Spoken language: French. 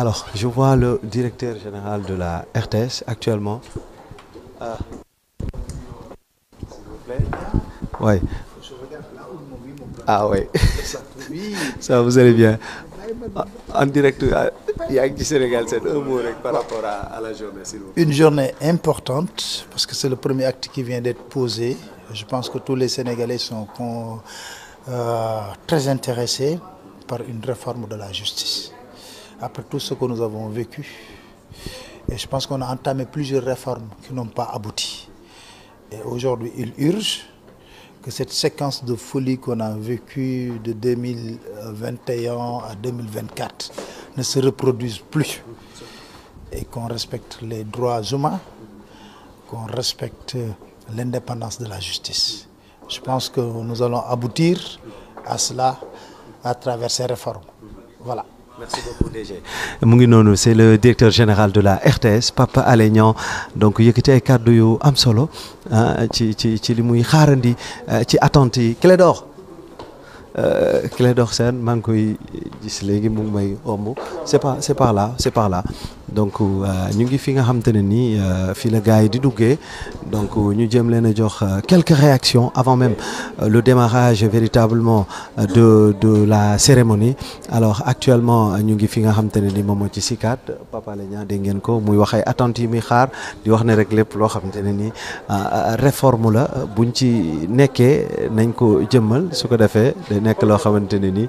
Alors, je vois le directeur général de la RTS actuellement. Ah. S'il vous plaît. Oui. Je regarde là où Ah oui. Ça, vous allez bien. En direct, il y a du Sénégal, c'est un mot par rapport à, la journée, s'il vous plaît. Une journée importante, parce que c'est le premier acte qui vient d'être posé. Je pense que tous les Sénégalais sont euh, très intéressés par une réforme de la justice après tout ce que nous avons vécu. Et je pense qu'on a entamé plusieurs réformes qui n'ont pas abouti. Et aujourd'hui, il urge que cette séquence de folie qu'on a vécue de 2021 à 2024 ne se reproduise plus et qu'on respecte les droits humains, qu'on respecte l'indépendance de la justice. Je pense que nous allons aboutir à cela à travers ces réformes. Voilà. Merci beaucoup DG mu ngi c'est le directeur général de la RTS Papa Alé Niang donc yëkkati ay kàddu yu am solo ah, ci ci ci li muy xaarandi ah, ci attente yi Clédor euh, Clédor Sène maa ngi koy gis léegi mu ngi may omb c'est pas c'est par là c'est par là donc euh, ñu ngi fi nga xam te ne euh, la di duggé donc euh, ñu jëm léna jox quelques réactions avant même le démarrage véritablement de de la cérémonie alors actuellement ñu ngi fi nga xam te ci Sicap Papa Alé de ngeen ko muy wax ay attentes yi xaar di wax ne rek lépp lo xam ni réforme la buñ ci nekkee nañ ko jëmmal su ko défé day nekk lo xamante ni